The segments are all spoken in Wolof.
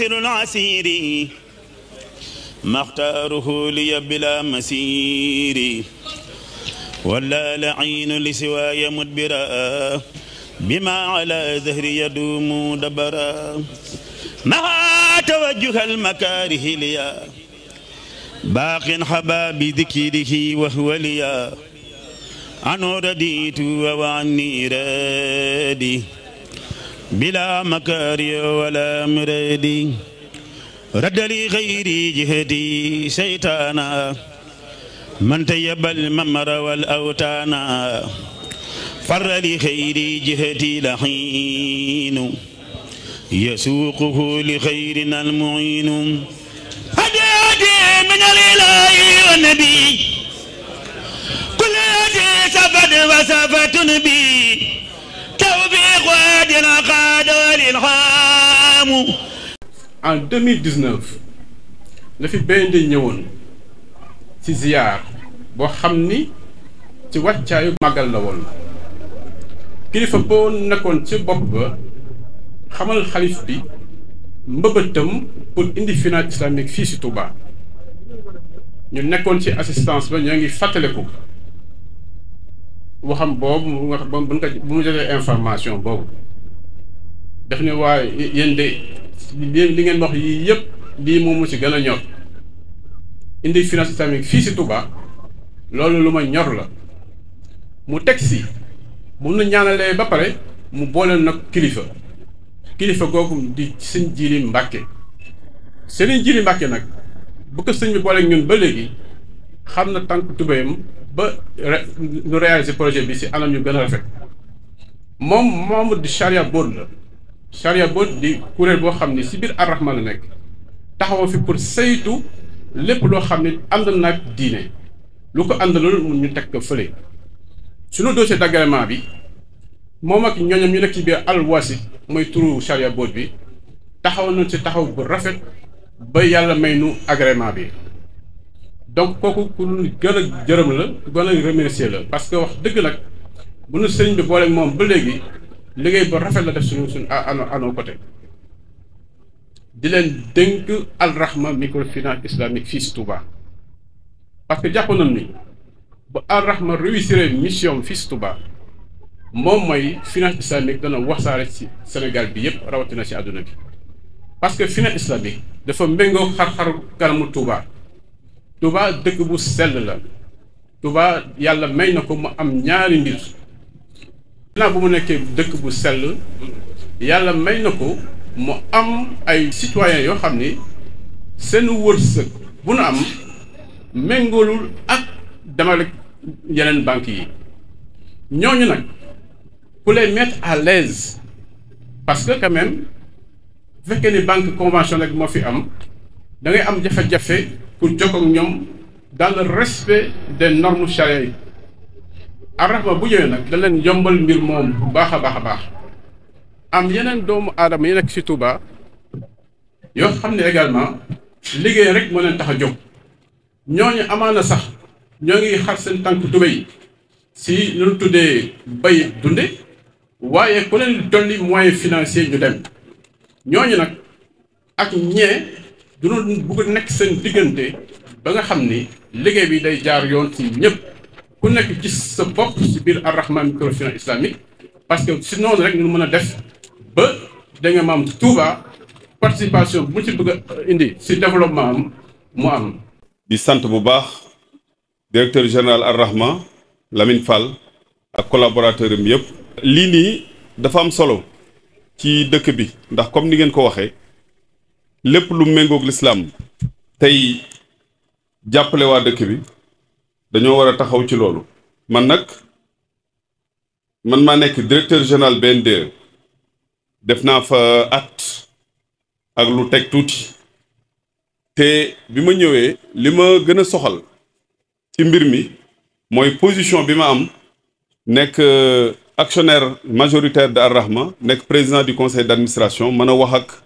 ياسر العسيري ما اختاره لي بلا مسيري ولا لعين لسواي مدبرا بما على زهري يدوم دبرا ما توجه المكاره ليا باق حبا بذكره وهو ليا أنا رديت وعني رادي بلا مكاري ولا مريدي رد لي غيري جهدي شيطانا من تيب الممر والأوتانا فر لي خيري جهدي لحين يسوقه لخيرنا المعين هدي هدي من الإله والنبي كل هدي سفد وسفة نبي en 2019 la fi BND ñëwoon ci ziyaar boo xam ni ci wàccaayu màggal la woon kilifa boo nekkoon ci bopp ba xamal xalif bi mbëbëtam pour indi finance islamique fii ci Touba ñu nekkoon ci assistance ba ñoo ngi fàttaliku. waxam boobu mu wax ba mu ko bu mu joxee information boobu daf ne waaye yéen de li ngeen wax yii yëpp lii moom mu si gën a ñor indi finance islamique fii si Touba loolu lu ñor la mu teg si mu na ñaanalee ba pare mu booleel nag kilifa kilifa googu di sëñ Jili Mbàkke sëriñ Jili Mbàkke nag bu ko sëñ bi booleeg ñun ba léegi xam na tànk ba nu réaliser projet bi si anam yu gën a rafet moom membre di charia board la charia board di kuréel boo xam ne si biir arrahma la nekk taxawoo fi pour saytu lépp loo xam ne ànd naag diine lu ko àndalul ñu teg ko fële suñu dossier d'agrément bi moom ak ñoñam ñu nekk ci biir al wasit mooy turu charia board bi taxaw nañ si taxaw bu rafet ba yàlla may nu agrément bi donc kooku ku ñu gën a jërëm la ku gën a remercier la parce que wax dëgg nag bu sëñ bi booleeg moom ba léegi liggéey bu rafet la def suñu suñu à nos côtés di leen dénk Al Rahma microfinance islamique fii si Touba parce que jàpp ni ba Al Rahma réussir mission fii si Touba moom mooy finance islamique dana wasaare ci Sénégal bi yëpp rawatina ci àdduna bi parce que finance islamique dafa méngoo xar-xaru kanamu Touba. Touba dëkk bu sell la Touba yàlla may na ko mu am ñaari mbir ginnaaw bu mu nekkee bu sell yàlla may na am ay citoyens yoo xam ni seen wërsëg am méngoolul ak yi pour les mettre à l'aise parce que quand même fekkee ni banque conventionnelle fi am da ngay am pour jokkoo ñom dans le respect des normes charia yi arrahma bu ñëwee nak da leen yombal mbir moom bu baax a baax am yeneen doomu adam yi nekk ci Touba yo xamne également liggéey rek mo leen tax jog jóg amana sax ñoo ngi xar seen tànk tubéy si lu ñu tuddee bay dunde waaye ku leen dolli moyen financier ñu dem ñooñu nag ak ñee du doon bugg nekk seen diggante ba nga xam ni liggéey bi day jaar yoon ci ñëpp ku nekk gis sa bopp ci biir Arrahma microfinance islamique parce que si noonu rek nu mën a def ba da nga maam Touba participation bu mu ci bëgg a indi si développement am mu am. di sant bu baax directeur général Arrahma Lamine Fall ak collaborateur am yëpp. lii nii dafa am solo ci dëkk bi ndax comme ni ngeen ko waxee. lépp lu méngoog lislaam tey jàppale waa dëkk bi dañoo war a taxaw ci loolu man nag man maa nekk directeur général BNDE def naa fa at ak lu teg tuuti te bi ma ñëwee li ma gën a soxal ci mbir mi mooy position bi ma am nekk euh, actionnaire majoritaire de Arrahma nekk président du conseil d'administration mën a wax ak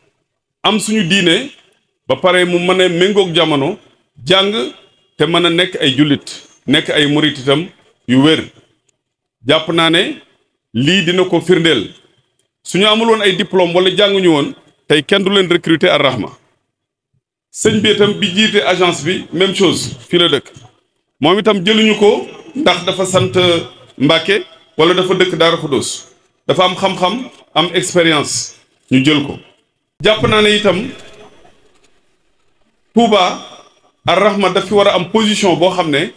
am suñu diine ba pare mu mën a méngoog jamono jàng te mën a nekk ay jullit nekk ay murit yu wér jàpp naa ne lii dina ko firndeel suñu amul ay diplôme wala jànguñu woon tey kenn du leen recruter ar rahma sëñ bi itam bi jiite agence bi même chose fii la dëkk moom itam jëluñu ko ndax dafa sant Mbàkke wala dafa dëkk Daaru Xudoos dafa am xam-xam am expérience ñu jël ko jàpp naa ne itam Touba ar rahma daf fi war a am position boo xam ne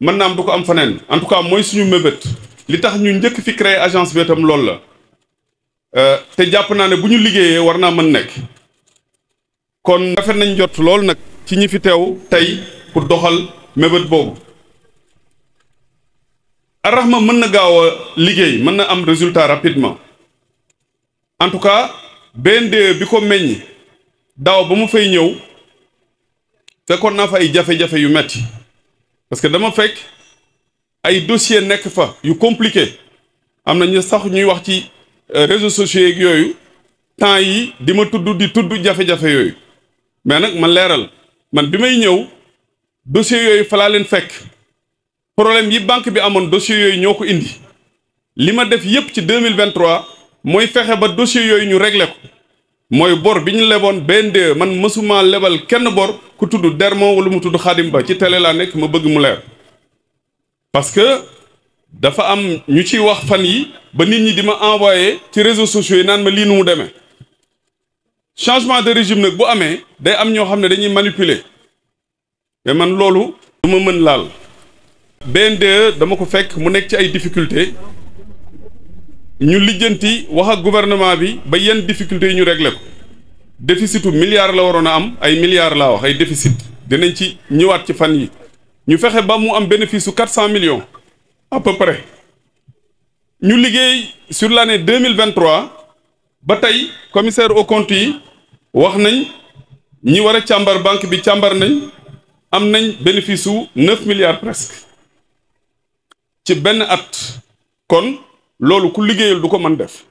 mën naa am du ko am faneen en tout cas mooy suñu mébét li tax ñu njëkk fi créer agence bi itam loolu la euh, te jàpp naa ne bu ñu liggéeyee war naa mën nekk kon rafet nañ jot loolu nag ci ñi fi teew tey pour doxal mébét boobu ar mën na gaaw a liggéey mën na am résultat rapidement en BNDE bi ko meññ daaw ba mu fay ñëw fekkoon naa fa ay jafe-jafe yu metti parce que dama fekk ay dossier nekk fa yu compliqué am na ñu sax ñuy wax ci euh, réseaux sociaux yooyu temps yi di ma tudd di tudd jafe-jafe yooyu mais nag ma leeral man bi may ñëw dossiers yooyu falaa leen fekk problème yi banque bi amoon dossiers yooyu ñoo ko indi li ma def yépp ci 2023 mooy fexe ba dossier yooyu ñu regle ko mooy bor bi ñu leboon BNDE man mësuma lebal kenn bor ku tudd Dermo wala mu tudd Xaadim Ba ci télé laa nekk ma bëgg mu leer parce que dafa am ñu ciy wax fan yi ba nit ñi di ma envoyé ci réseau sociaux yi naan ma lii nu mu demee changement de régime nag bu amee day am ñoo xam ne dañuy manipuler mais man loolu duma mën laal BNDE dama ko fekk mu nekk ci ay difficultés ñu lijjanti wax ak gouvernement bi ba yenn difficultés yi ñu réglé ko déficitu milliards la waroon a am ay milliards laa wax ay déficit dinañ ci ñëwaat ci fan yi ñu fexe ba mu am bénéfice su quatre cent millions à peu ñu liggéey sur l' année deux mille vingt ba tey commissaire aux yi wax nañ ñi war càmbar banque bi càmbar nañ am nañ bénéfice su neuf milliards presque ci benn at kon. loolu ku liggéeyul du ko man def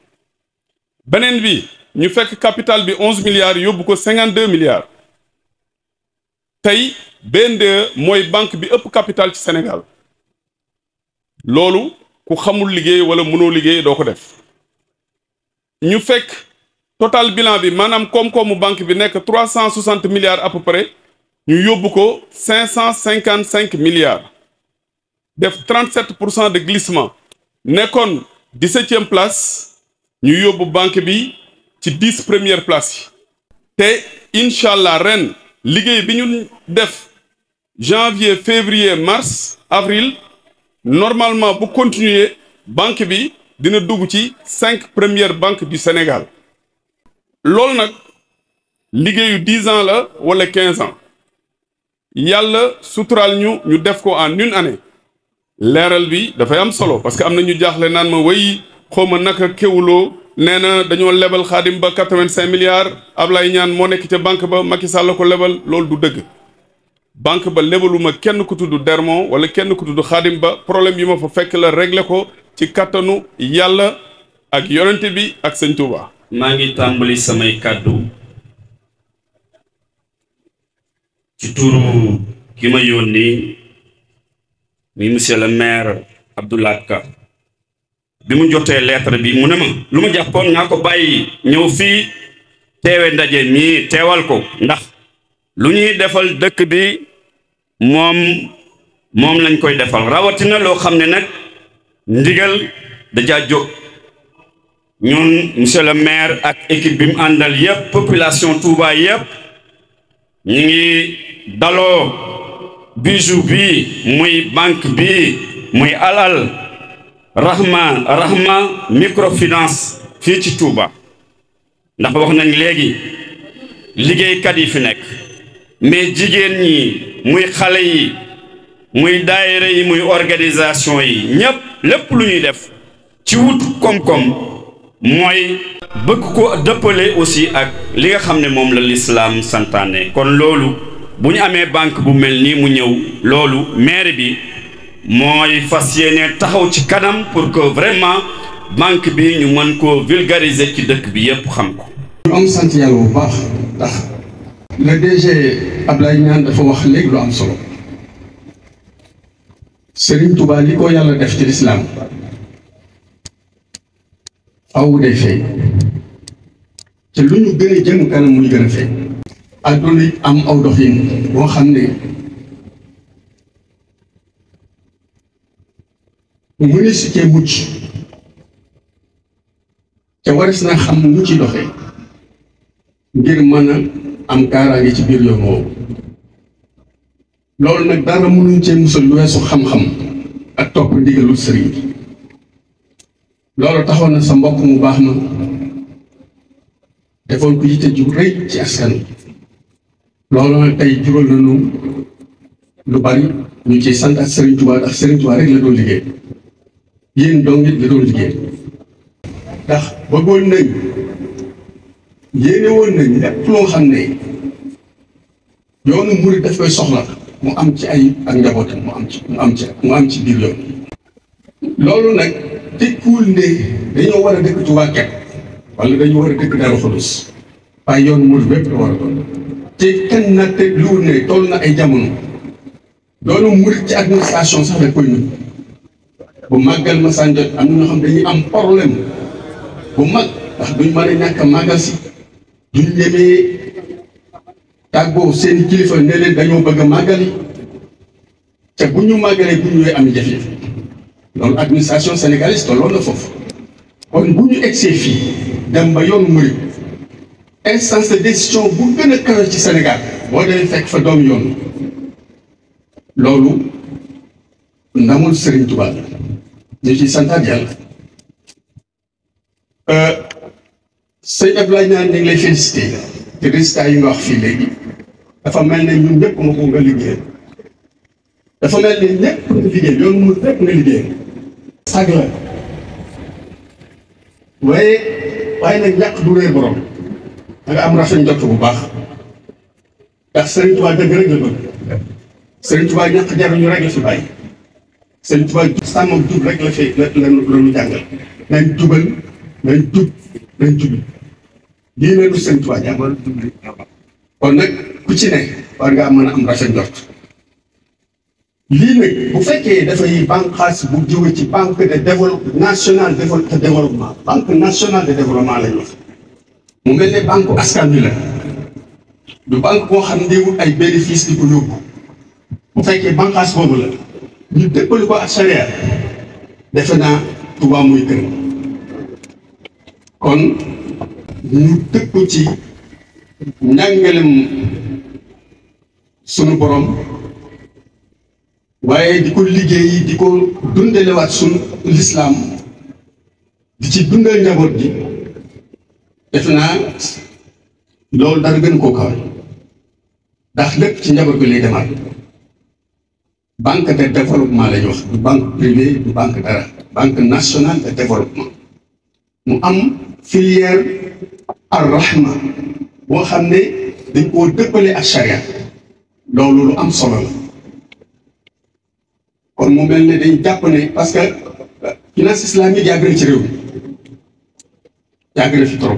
beneen bi ñu fekk capital bi onze milliards yóbbu ko cinquante deux milliards tey BNDE mooy banque bi ëpp capital ci Sénégal loolu ku xamul liggéey wala mënoo liggéey doo ko def ñu fekk total bilan bi maanaam koom-koomu banque bi nekk trois cent soixante milliards à peu près ñu yóbbu ko cinq cent cinquante cinq milliards def trente sept pour cent de glissement nekkoon 17e place, New la banque, B, 10 premières places. Et, Inch'Allah, Rennes, Ligue def janvier, février, mars, avril, normalement, pour continuer, Banque B, d'une double 5 premières banques du Sénégal. a Ligue 10 ans ou 15 ans. Yalla, Soutral New, nous def en une année. leeral bi dafay am solo parce que am na ñu jaaxle naan ma way xaw ma naka kéwuloo nee na dañoo lebal xaadim ba quatre-vingt-cinq milliards Ablaye Niane moo nekk ca banque ba Macky Sall la ko lebal loolu du dëgg banque ba lebaluma kenn ku tuddu Dermon wala kenn ku tudd xaadim ba problème yi ma fa fekk la régler ko ci kàttanu yàlla ak yonente bi ak sëñ Touba. naa ngi tàmbali samay kàddu ci turu ki ma yónni muy monsieur le maire Abdoulaye Ka bi mu jotee lettre bi mu ne ma lu ma jàppoon naa ko bàyyi ñëw fii teewe ndaje mii teewal ko ndax lu ñuy defal dëkk bi moom moom lañ koy defal rawatina loo xam ne nag ndigal dajaa jóg ñun monsieur le maire ak équipe bi mu àndal yëpp population Touba yëpp ñu ngi daloo bijou bi muy bank bi muy alal rahma rahma microfinance fii ci Touba ndax wax nañ léegi liggéeykat yi fi nekk mais jigéen ñi muy xale yi muy daayira yi muy organisation yi ñépp lépp lu ñuy def ci wut koom mooy bëgg ko dëppale aussi ak li nga xam ne moom la lislaam santaane kon loolu bu ñu amee banque bu mel nii mu ñëw loolu maire bi mooy fas yéene taxaw ci kanam pour que vraiment banque bi ñu mën koo vulgariser ci dëkk bi yépp xam ko. ñu am sant yàlla bu baax ndax le DG Ablaye Niane dafa wax léegi lu am solo Serigne Touba li ko yàlla def ci lislaam aw day feeñ te lu ñu gën a kanam muy gën a feeñ. adduna am aw doxin boo xam ne mu ne si cee mucc te waris na xam mu ci doxe ngir mën a am kaaraange ci biir yoon woowu loolu nag dara mënuñ cee musal lu weesu xam-xam ak topp ndigalu sëriñ loolu taxoon na sa mbokk mu baax ma defoon ko yitte ju rëy ci askan loolu nag tey jural nañu lu bari ñu ci sant ak Serigne Touba ndax Serigne Touba rek la doon liggéey yéen dong it la doon liggéey ndax bëggoon nañ yéene woon lépp loo xam ne yoonu murid daf koy soxla mu am ci ay ak njabootam mu am ci mu am ci mu am ci biir yoon loolu nag tekkuwul ne dañoo war a dëkk Touba képp wala dañu war a dëkk Darou Khoudoss waaye yoonu murid bépp la war a doon te kenn na te lu ne toll na ay jamono doonu murit ci administration sax da koy ñu bu màggal ma sànjot am na ñoo xam dañuy am problème bu mag ndax duñ mën a ñàkk a màggal si duñ ñemee tàggoo seeni kilifa ne leen dañoo bëgg màggali te bu ñu màggalee bu ñëwee am jafe-jafe loolu administration sénégalaise tolloon na foofu kon bu ñu egsee fii dem ba yoonu murit instance de décision bu gën a kawe ci Sénégal boo demee fekk fa doom yoon loolu ndamul Serigne Touba ci que yàlla euh, Abdoulaye Niane ñu ngi lay félicité yi dafa mel ñun ñëpp nga liggéey dafa mel ñëpp nga mu da nga am rafet njott bu baax ndax Serigne Touba dëgg rek la bëgg Serigne Touba ñàkk jaruñu rek la fi bàyyi Serigne Touba sàmmam jub rek la fi la la ñu jàngal nañ jubal nañ jub nañ jubi lii la ñu Serigne Touba jàngal kon nag ku ci ne war ngaa mën a am rafet njott lii nag bu fekkee dafay bànqaas bu jóge ci banque de développement national de développement banque nationale de développement lañ mu mel ne banque askan bi la du banque boo xam ne ay bénéfice di ko yóbbu bu fekkee banqaas boobu la ñu dëppali ko ak charia defe na Tuubaa muy gën kon ñu dëpp ci njàngalem sunu borom waaye di ko liggéey di ko dundalewaat sunu lislaam di ci dundal njaboot gi def na, loolu dara gën koo kawe ndax lépp ci njaboot bi lay demaat banque de développement la wax du banque privée du banque dara banque nationale de développement mu am filière ar rahma boo xam dañ ak lu am solo la kon mu mel pasca dañ jàpp ne parce que finance islamique ci réew trop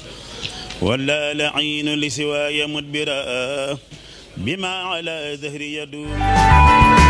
ولا لعين لسواي مدبرا بما على زهري يدوم